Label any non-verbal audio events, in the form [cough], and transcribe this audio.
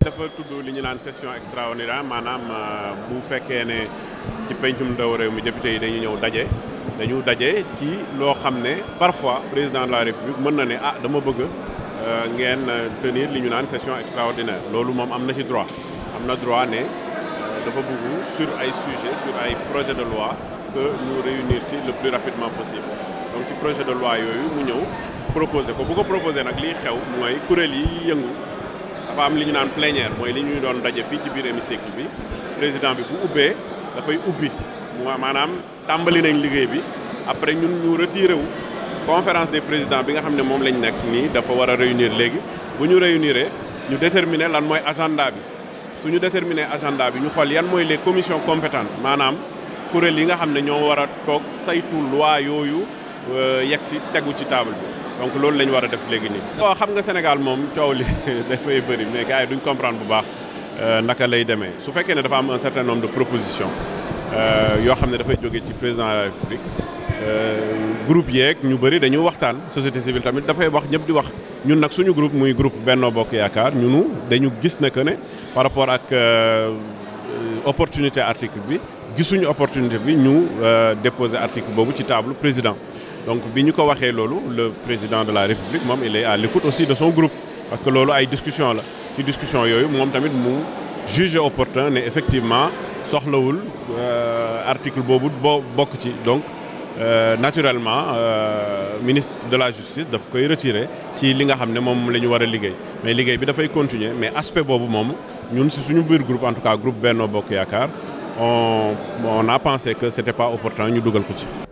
dafa tudd li ñu naan session extraordinaire maanaam euh, bu fekkee ne ci pencum ndaw réew mi député yi dañu ñëw daje dañu daje ci loo xam ne parfois président de la république mën na ne ah dama bëgg euh, ngeen euh, tenir li ñu naan session extraordinaire loolu moom am na ci droit am na droit ne dafa bëgg sur ay sujet sur ay projet de loi que ñu réunir si le plus rapidement possible donc ci projet de loi yooyu mu ñëw proposé ko bu ko proposé nag liy xew mooy kuréel yi yëngu dafa am li ñu naan plénière mooy li ñuy doon daje fii ci biir hémicycle bi président bi bu ubbee dafay ubbi maanaam tàmbali nañ liggéey bi après ñun ñu retiré wu conférence des présidents bi nga xam ne moom lañ nekk nii dafa war a réunir léegi bu ñu réuniree ñu déterminer lan mooy agenda bi su ñu déterminer agenda bi ñu xool yan mooy les commissions compétentes maanaam kuréel yi nga xam ne ñoo war a toog saytu loi yooyu euh, yegg si tegu ci table bi donc loolu la ñu war a def léegi nii. waaw xam nga Sénégal moom coow li [laughs] dafay bëri mais gars yi duñ comprendre bu baax euh, naka lay demee su fekkee ne dafa am un certain nombre de propositions euh, yoo xam ne dafay jóge ci président de République groupe yeeg ñu bëri dañu waxtaan société civile tamit dafay wax ñëpp di wax ñun nag suñu groupe muy groupe Benno Bokk Yaakaar ñunu dañu gis ne que ne par rapport ak. Euh, opportunité article bi gisuñu opportunité bi ñu euh, déposé article boobu ci table président donc bi ñu ko waxee loolu le président de la république moom il est à l'écoute aussi de son groupe parce que loolu ay discussion la ci discussion yooyu moom tamit mu juger opportun ne effectivement soxlawul euh, article boobu boo bokk ci donc Euh, naturellement euh, ministre de la justice dafa koy retirer ci li nga xam ne moom la ñu war a liggéey mais liggéey bi dafay continuer mais aspect boobu moom ñun si suñu biir groupe en tout cas groupe benn Bokk Yaakaar on on a pensé que c'était pas opportun ñu dugal ko ci.